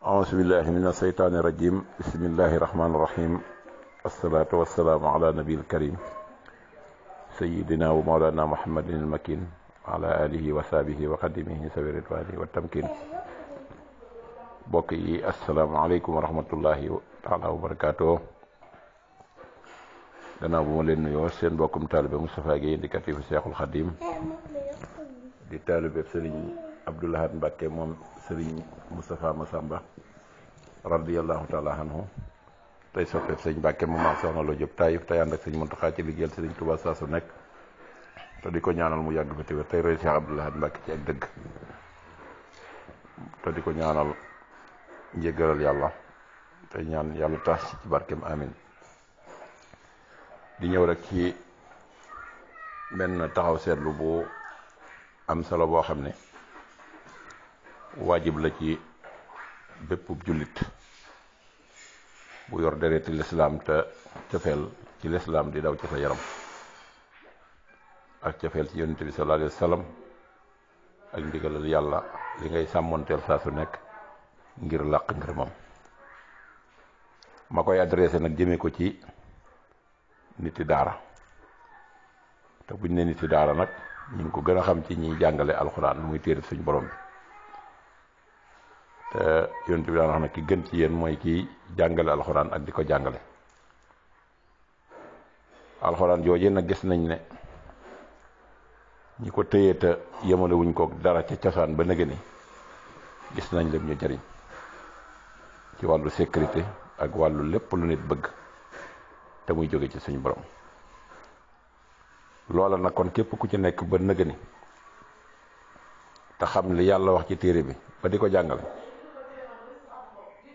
ahousubillahi min asheytaani irajim bismillahi rahmaaniirahim asalaatu wasalaamu ala nabil karim sayidina wa maolana muhammadin ilmakin ala alihi wa sahbihi wa xadimihi sawi wa tamkin bokk yi asalaamaaleykum wa rahmatullahi taala wa barakatuh gannaaw bu ma leen nuyoo seen bokkum taalibe Moustapha Gueye indicatif Cheikhul Khadim di taalibe Sëriñ Abdou Lahad Mbacke moom sëriñ Moustapha Massamba radiyallahu taala anhu tey soppeeb sëñ Mbacke moom ak soxna Lo Diop Taïf tey ànd ak sëñ Mountakha ci liggéeyal sëriñ Touba saa su nekk te di ko ñaanal mu yàgg fa te wér tey roy Cheikh Abdou Lahad Mbacke ci ak dëgg te di ko ñaanal njéggalal yàlla tey ñaan yàlla taas ci barkeem amin di ñëw rek ci benn taxaw seetlu bu am solo boo xam ne waajib la ci bépp jullit bu yor dereti lislaam te cofeel ci lislaam di daw ci yaram ak cofeel ci yonent bi sallallahu alayhi wa ak ndigalal yàlla li ngay sàmmoonteel saa su nekk ngir làq ngir moom ma koy adressé nag jëmee ko ci ti daara te buñ ne ti daara nag ñu ngi ko gën a xam ci ñiy jàngale alxuraan muy téere suñu borom bi yonent bi daan wax na ki gën ci yéen mooy ki jàngale alxuraan ak di ko jàngale alxuraan jooje nag gis nañ ne ñu ko téye te yemale wuñ dara ca cosaan ba nëgë gis nañ leen ñu jariñ ci wàllu sécurité ak wàllu lépp lu nit bëgg te muy jóge ci suñu borom loola nag kon képp ku ci nekk ba nëgë te xam li yàlla wax ci téere bi ba di ko jàngale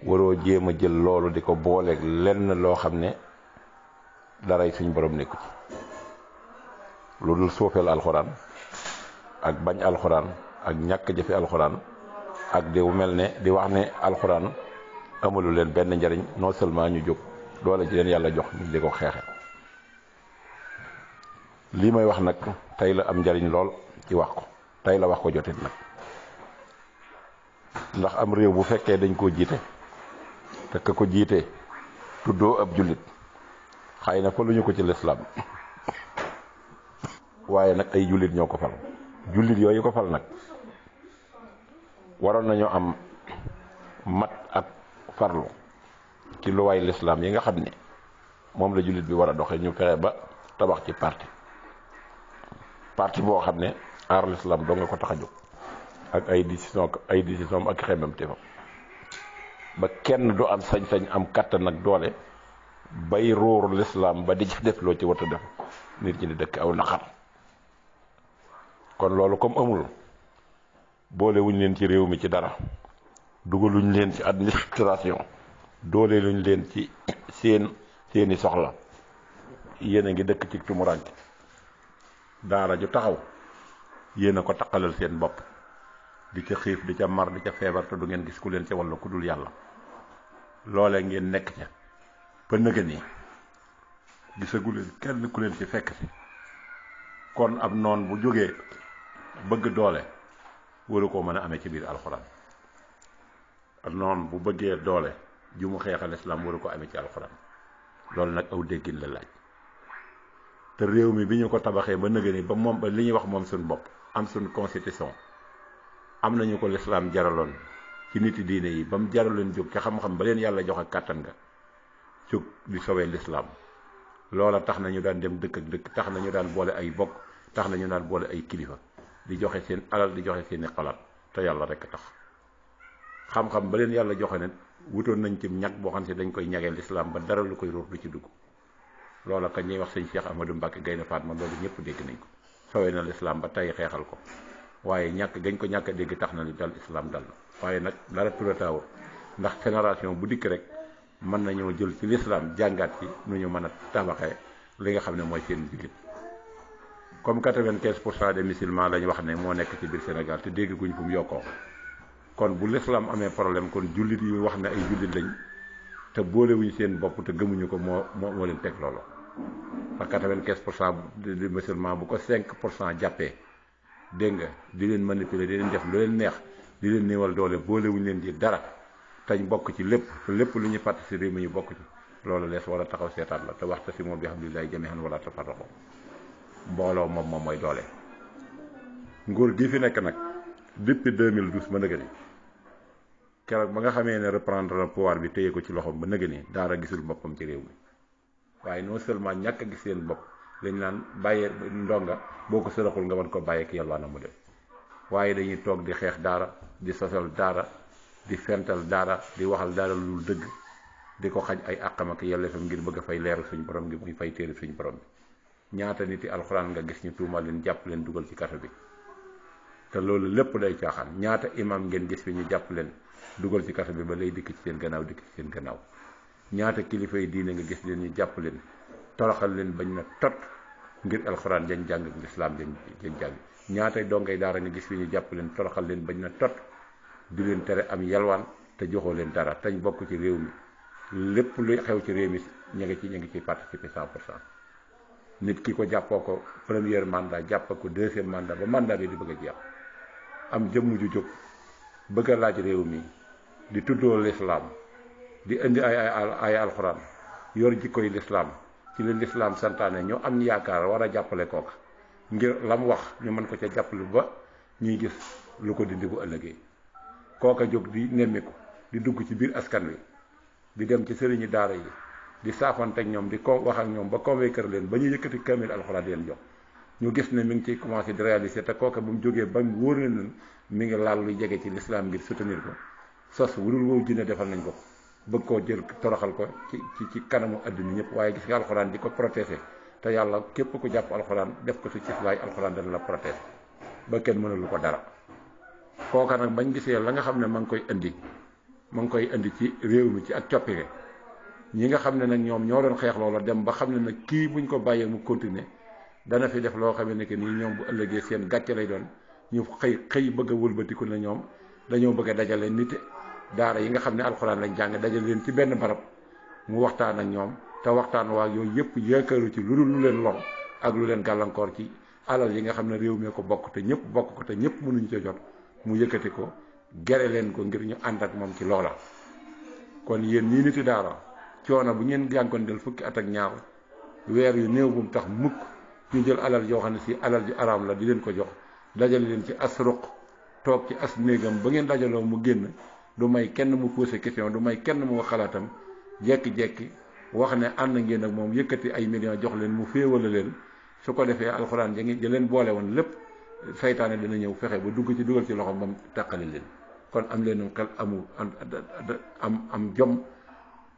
waroo jéem a jël loolu di ko booleeg lenn loo xam ne daray suñ borom nekku ci lu dul suufeel alxuraan ak bañ alxuraan ak ñàkk jëfe alxuraan ak di mel ne di wax ne alxuraan amalu leen benn njariñ noo seulement ñu jóg doole ji leen yàlla jox ñu di ko xeexe lii may wax nag tey la am njariñ lool ci wax ko tey la wax ko jotit nag ndax am réew bu fekkee dañ koo jiite te ko jiite tuddoo ab jullit xay na fa lu ñu ko ci lislaam waaye nag ay jullit ñoo ko fal jullit yooyu ko fal nag waroon nañu am mat ak farlu ci luwaay lislaam yi nga xam ne moom la jullit bi war a doxe ñu fexe ba tabax ci parti parti boo xam ne aar lislaam doo nga ko tax a jóg ak ay décision ay décision ak xemam te fa ba kenn du am sañ-sañ am kattan ak doole bay róoru lislaam ba di ci def loo ci wata def nit ñi di dëkk aw naqar kon loolu comme amul boole wuñ leen ci réew mi ci dara dugaluñ leen ci administration doole luñ leen ci seen seeni soxla yéen a ngi dëkk ci tumuraanke daara ju taxaw yéen a ko taqalal seen bopp di ca xiif di ca mar di ca feebar te du ngeen gis ku leen ca wàllu ku dul yàlla loole ngeen nekk ca ba nëgën yi gisagu leen kenn ku leen ci fekk si kon ab noon bu jógee bëgg doole waru koo mën a amee ci biir alxuraan ab noon bu bëggee doole jumu mu xeexal islam waru ko amee ci alxuraan loolu nag aw déggin la laaj te réew mi bi ñu ko tabaxee ba nëgën yi ba moom ba li ñuy wax moom suñu bopp am suñu constitution am nañu ko lislaam jaraloon ci niti diine yi ba mu jaraloon jóg ca xam-xam ba leen yàlla jox ak kàttan ga jóg di sowee lislaam loola tax nañu daan dem dëkk ak dëkk tax nañu daan boole ay bokk tax nañu daan boole ay kilifa di joxe seen alal di joxe seeni xalaat te yàlla rekk tax xam-xam ba leen yàlla joxe ne wutoon nañ ci ñag boo xam ne dañ koy ñagee lislaam ba dara lu koy ruur du ci dugg loola ka ñuy wax sëñ Cheikh Amadou Mbacke Gaynde Fatma loolu ñëpp dégg nañ ko sowee na lislaam ba tey xeexal ko waaye ñàkk gañ ko ñàkk a dégg tax na li dal islam dal waaye nag dara turataawul ndax génération bu dikk rek mën nañoo jël ci lislaam jàngaat yi nu ñu mën a tabaxee li nga xam ne mooy seen jullit comme quatre-vingt-quinze pour cent des musulmans lañ wax ne moo nekk ci biir Sénégal te dégg guñ fu mu yokkoo kon bu lislaam amee problème kon jullit yi wax ne ay jullit lañ te boolewuñ seen bopp te gëmuñu ko moo moo moo leen teg loolu parce que quatre vingt pour cent des musulmans bu ko cinq pour cent jàppee dégg nga di leen manipuler di leen def lu leen neex di leen néewal doole boolewuñu leen di dara tañ bokk ci lépp lépp lu ñuy participer mu ñu bokk ci loolu lees wala taxaw seetaat la te wax waxta si moom bi hamdulillahi jami'an wala tafarraqu mbooloo moom moom mooy doole nguur gi fi nekk nag depuis 2012 ba nëgë ni keroog ba nga xamee ne reprendre le pouvoir bi téye ko ci loxoom ba nëgë ni a gisul boppam ci réew mi waaye non seulement ñàkk a gis seen bopp lañ naan bàyyee ndonga boo ko saraxul nga mën ko bàyyi ak yàlla na mu def waaye dañuy toog di xeex daara di sosal daara di fental daara di waxal daara lu dëgg di ko xaj ay àqam ak yelleefam ngir bëgg fay leeral suñu borom gi muy fay téere suñu borom bi ñaata nit yi alxuraan nga gis ñu tuumal leen jàpp leen dugal ci kaso bi te loolu lépp day caaxaan ñaata imam ngeen gis fi ñu jàpp leen dugal ci kaso bi ba lay dikk ci seen gannaaw dikk ci seen gannaaw ñaata kilifa yi diine nga gis leen ñu jàpp leen toroxal bañ na tot ngir alxuraan jañ jàng ak lislaam jañ jañ jàng ñaatay dongay daara nga gis yu ñu jàpp leen toroxal leen bañ na tot di leen tere am yalwaan te joxoo leen dara te ñu bokk ci réew mi lépp luy xew ci réew mi ñu ngi ci ñu ngi ciy participer 100 pour cent nit ki ko jàppoo ko premier mandat jàpp ko deuxième mandat ba mandat bi di bëgg a jeex am jëmm ju jóg bëgg a laaj réew mi di tuddoo lislaam di indi ay ay ay alxuraan yor jikkoy lislaam ci la lislaam santaane ñoo am yaakaar war a jàppale kooka ngir la mu wax ñu man ko ca jàppalu ba ñuy gis lu ko dindi bu ëllëgee kooka jóg di nemmiku di dugg ci biir askan wi di dem ci sëriñi daara yi di saafante ak ñoom di ko wax ak ñoom ba convaincre leen ba ñu yëkkati kamil alxuraan leen jox ñu gis ne mi ngi ciy commencé di réaliser te kooka ba mu jógee ba mu wóor na mi ngi laal lu jege ci lislaam ngir soutenir ko sos wudul woowu jinne defal nañ ko bëgg koo jël toroxal ko ci ci ci kanamu adduna ñëpp waaye gis nga alxuraan di ko protéger te yàlla képp ko jàpp alxuraan def ko si cëslaay alxuraan dana la protéger ba kenn mënalu ko dara kooka nag bañ gisee la nga xam ne ma ngi koy indi ma ngi koy indi ci réew mi ci ak coppite ñi nga xam ne nag ñoom ñoo doon xeex loola dem ba xam ne nag kii buñ ko bàyyee mu continuer dana fi def loo xam ne que nii ñoom bu ëllëgee seen gàcce lay doon ñu xëy xëy bëgg a wëlbatiku na ñoom daara yi nga xam ne alxuraan lañ jàng dajal leen ci benn barab mu waxtaan ak ñoom te waxtaan waa yooyu yëpp yaakaaru ci lu dul lu leen loxo ak lu leen gàllankoor ci alal yi nga xam ne réew mee ko bokk te ñëpp bokk ko te ñëpp mënuñu ca jot mu yëkkati ko gere leen ko ngir ñu ànd ak moom ci loola. kon yéen ñii niti daara coono bu ngeen del fukki at ak ñaar weer yu néew bu tax mukk ñu jël alal yoo xam ne si alal ju araam la di leen ko jox dajale leen ci as toog ci as néegam ba ngeen dajaloo mu génn. du may kenn mu posé question du may kenn mu wax xalaatam jekki-jekki wax ne ànd ngeen ak moom yëkkati ay millions jox leen mu féewale leen su ko defee alxuraan ja ngi ja leen boole woon lépp saytaane dina ñëw fexe ba dugg ci dugal ci loxo moom tàqale leen kon am leen xel amu am am jom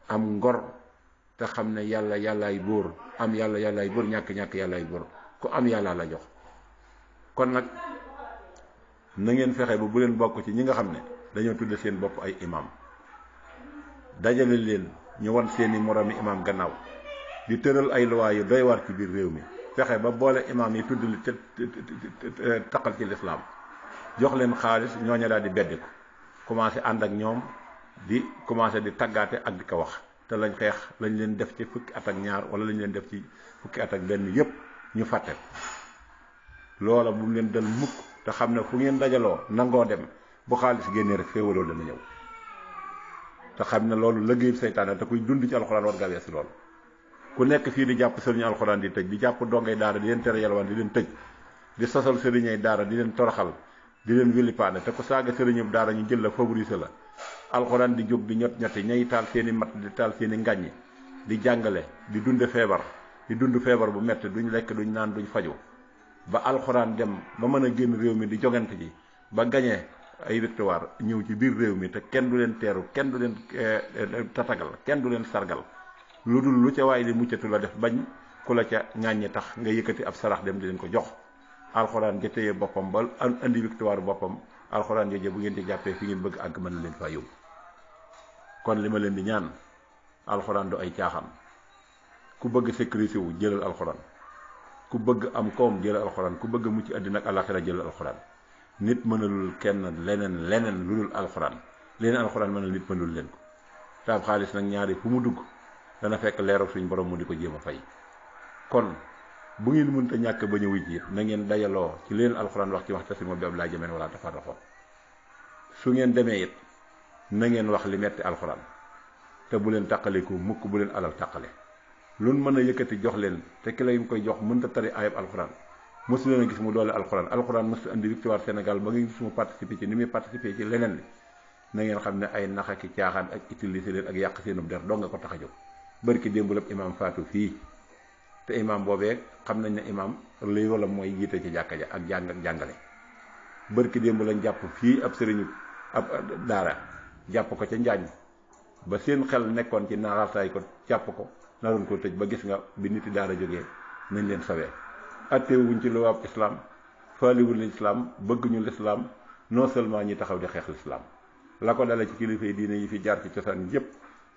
am ngor te xam ne yàlla yàlla ay buur am yàlla yàllaay buur ñàkk-ñàkk yàlla ay buur ku am yàlla la jox kon nag na ngeen fexe ba bu leen bokk ci ñi nga xam ne dañoo tudde seen bopp ay imam dajale leen ñu wan seeni moromi imam gannaaw di tëral ay loi yu doy waar ci biir réew mi fexe ba boole imam yi tudd li te taqal ci lislaam jox leen xaalis ñooñu daal di beddi ko commencé ànd ak ñoom di commencé di taggaate ak di ko wax te lañ xeex lañ leen def ci fukki at ak ñaar wala lañ leen def ci fukki at ak benn yépp ñu fàtte loola bu mu leen dal mukk te xam ne fu ngeen dajaloo nangoo dem bu xaalis génnee rek féewaloo dana ñëw te xam ne loolu lëggéeyub seytaane te kuy dund ci alxuraan war ngaa weesu loolu ku nekk fii di jàpp sëriñu alxuraan di tëj di jàpp dongay daara di leen tere yalwaan di leen tëj di sosal sëriñay daara di leen toroxal di leen wilipaane te ku saaga sëriñub daara ñu jël la favoriser la alxuraan di jóg di ñot ñotti ñay taal seen i mat di taal seen i ngàññi di jàngale di dund feebar di dund feebar bu metti duñu lekk duñ naan duñ faju ba alxuraan dem ba mën a génn réew mi di jogante ji ba gañee ay victoire ñëw ci biir réew mi te kenn du leen teeru kenn du leen eh, eh, tatagal kenn du leen sargal lu dul lu ca waay li muccatu la def bañ ku la ca ŋàññi tax nga yëkkati ab sarax dem di leen ko jox alxuraan ja téye boppam ba andi victoire boppam alxuraan jooje bu ngeen ci jàppee fi ngeen bëgg àgg mën na leen faa yóbbu kon li ma leen di ñaan alxuraan du ay caaxaan ku bëgg sécurité wu jëlal alxuraan ku bëgg am koom jëlal alxuraan ku bëgg mucc àddina ak àllaaxira jëlal alxuraan nit mënalul kenn leneen leneen lu dul alxuraan leneen alxuraan mënal nit mënul leen ko taab xaalis nag ñaari fu mu dugg dana fekk leeral suñu borom mu di ko jéem a fay kon bu ngeen mënta ñàkk ba ñëw ci na ngeen dajaloo ci leen alxuraan wax ci wax tasi ma laay laa jëmeen wala tafarraxoo su ngeen demee it na ngeen wax li metti alxuraan te bu leen tàqaleku mukk bu leen alal tàqale lun mën a yëkkati jox leen te ki la koy jox mënta tari ayab alxuraan mosu leen a gis mu doole alxuraan alxuraan mosu andi victoire Sénégal ba nga gis mu participer ci ni muy participer ci leneen li na ngeen xam ne ay nax ak caaxaan ak utiliser leen ak yàq seenub der doo nga ko tax a jóg barki démb la imaam faatu fii te imaam xam nañ ne imaam lii wala mooy jiite ci jàkka ja ak jàng jàngale barki démb lañ jàpp fii ab sëriñu ab daara jàpp ko ca njaañ ba seen xel nekkoon ci naxaataay ko jàpp ko naroon ko tëj ba gis nga bi nit daara jóge nañ leen sawee attewuñ ci luwaab islam li islam bëgguñu l'islam non seulement ñi taxaw di xeex l'islam la ko dale ci kilifa yi diine yi fi jaar ci cosaan yépp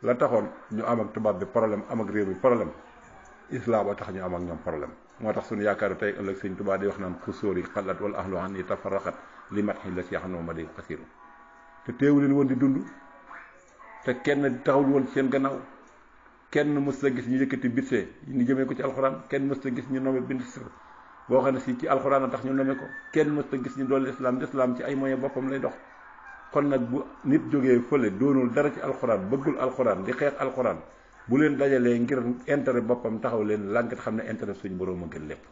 la taxoon ñu am ak tubaab bi problème am ak réew mi problème islam a tax ñu am ak ñoom problème moo tax suñu yaakaaru tey ëllëg sëñ tubaab di wax naan xusóor yi xalat wala ahlu an yi tafaraxat li mat xi la si yaxan ma day xasiru te teewu leen woon di dund te kenn taxawul woon seen kenn mës la gis ñu yëkkati bitse ñu jëmee ko ci alxuraan kenn mës la gis ñu nommé bind si boo xam ne si ci alxuraan a tax ñu nommé ko kenn mës gis ñu doon lislaam lislaam ci ay moyens boppam lay dox kon nag bu nit jógee fële doonul dara ci alxuraan bëggul alxuraan di xeex alxuraan bu leen dajalee ngir intérêt boppam taxaw leen lànkat xam ne intere suñ borom a lépp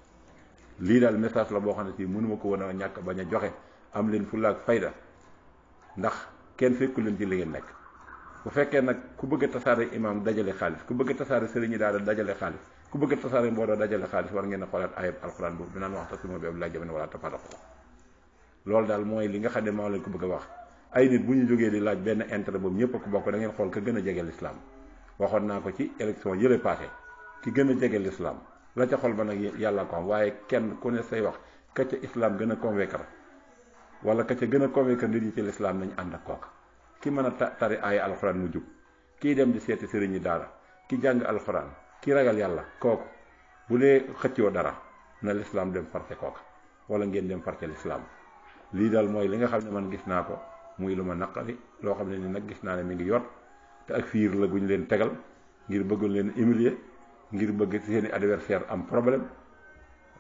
lii daal message la boo xam ne si mënuma ko woon a ñàkk bañ a joxe am leen fulla ak fayda ndax kenn fekku leen ci li ngeen nekk bu fekkee nag ku bëgg a tasaare imaam dajale xaalis ku bëgg a tasaare sëriñi daara dajale xaalis ku bëgg a tasaare mbooloo dajale xaalis war ngeen a xoolaat ayab alxuraan boobu dinaan wax tasimu bi hablillahi jamii'an wala tafarraqu loolu daal mooy li nga xam ne maa lañ ko bëgg a wax ay nit bu ñu jógee di laaj benn intérêt boobu ñëpp ko bokk da ngeen xool ka gën a jege lislaam waxoon naa ko ci élection yële passé ki gën a jege lislaam la ca xol ba nag yàlla ko am waaye kenn ku ne say wax ka ca islam gën a convaincre wala ka ca gën a convaincre nit yi ci lislaam nañu ànd ak kooka ki mën a ta tari aaya alxuraan mu jub kii dem di seeti sëriñi daara ki jàng alxuraan ki ragal yàlla kooku bu dee xëccoo dara na lislaam dem farte kook wala ngeen dem farte lislaam lii daal mooy li nga xam ne man gis naa ko muy lu ma naqari loo xam ne ni nag gis naa ne mi ngi yor te ak fiir la guñ leen tegal ngir bëgguñ leen humilier ngir bëgg seeni adversaire am problème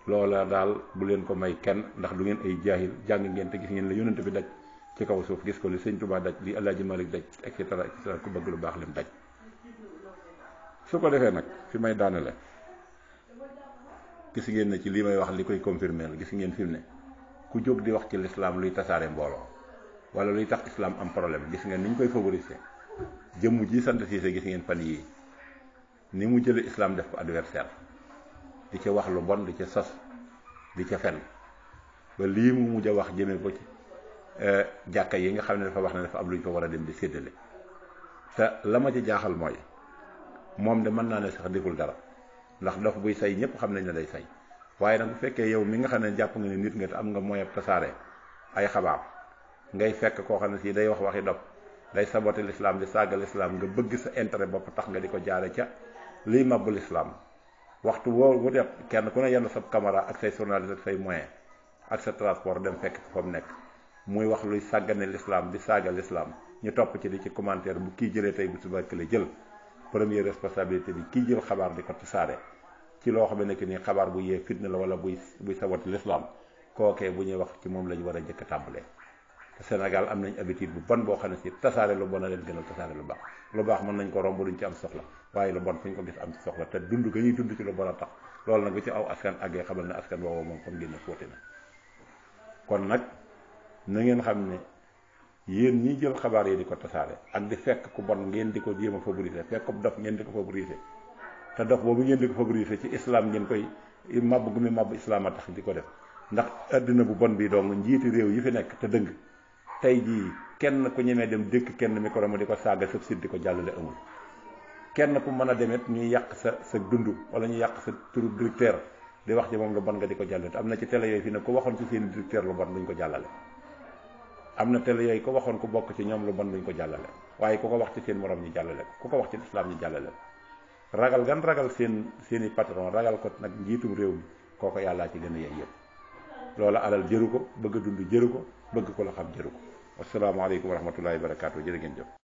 loola daal bu leen ko may kenn ndax du ngeen ay jaahil jàng ngeen te gis ngeen la yónnante bi daj ci kaw suuf gis ko li sëñ Tuubaa daj li Alaaji Malik daj et cetera et cetera ku bëgg lu baax lim daj su ko defee nag fi may daanale gis ngeen ne ci lii may wax li koy confirmer la gis ngeen fi ne ku jóg di wax ci lislaam luy tasaare mbooloo wala luy tax islam am problème gis ngeen ni ñu koy favoriser jëmm ji sant Siise gis ngeen fan yii ni mu jëlee islaam def ko adversaire di ca wax lu bon di ca sas di ca fen ba lii mu mujj a wax jëmee ko ci Eh, jàkka yi nga xam ne dafa wax ne dafa am lu ñu fa war a dem di séddale te la ma ci jaaxal mooy moom de mën naa ne sax deful dara ndax dof buy say ñëpp xam nañ ne day say waaye nag bu fekkee yow mi nga xam ne jàpp nga ne nit nga te am nga moyen tasaare ay xabaar ngay fekk koo xam ne si day wax waxi dof day saboté l'islam di saaga l'islam nga bëgg sa intérêt bopp tax nga di ko jaare ca liy mabbu lislaam waxtu woo wu def kenn ku ne yenn sa caméra ak say journaliste say moyen ak sa transport dem fekk ko mu nekk muy wax luy sàggane lislaam di saaga lislaam ñu topp ci di ci commentaire bu kii jëlee tey bu suba kële jël première responsabilité bi kii jël xabaar di ko tasaare ci loo xam ne nekk nii xabaar bu yee fitna la wala buy buy sabati lislaam kookee bu ñuy wax ci moom la ñu war a njëkk a te Sénégal am nañ habitude bu ban boo xam ne si tasaare lu bon a leen gënal tasaare lu baax lu baax mën nañ ko romb duñ ci am soxla waaye lu bon fu ñu ko gis am soxla te dund ga ñuy dund ci lu bon a tax loolu nag ci aw askan àggee xamal ne askan woowu moom comme génn fóote na ngeen xam ne yéen ñi jël xabaar yi di ko tasaare ak di fekk ku bon ngeen di ko jéem a favoriser fekk ku dof ngeen di ko favoriser te dof boobu ngeen di ko favoriser ci islam ngeen koy màbb gu muy màbb islam a tax di ko def ndax àddina bu bon bii dong njiiti réew yi fi nekk te dëng tey jii kenn ku ñemee dem dëkk kenn micro di ko saaga sëb sit di ko jàllale amul kenn ku mën a demeet ñuy yàq sa sa dund wala ñu yàq sa turu directeur di wax ci moom lu bon nga di ko te am na ci télé yooyu fii nag ku ko jàllale am na tele yooyu ko waxoon ku bokk ci ñoom lu bon luñ ko jàllale waaye ku ko wax ci seen morom ñi jàllale ko ku ko wax ci lislaam ñi jàllale ko ragal gan ragal seen seeni patron ragal ko nag njiitum réew mi kooko yàllaa ci gën a yey yëpp loola alal jëru ko bëgg dund jëru ko bëgg ko la xam jëru ko asalaamaaleykum wa rahmatullahi wa barakaatu jërë ngeen jëf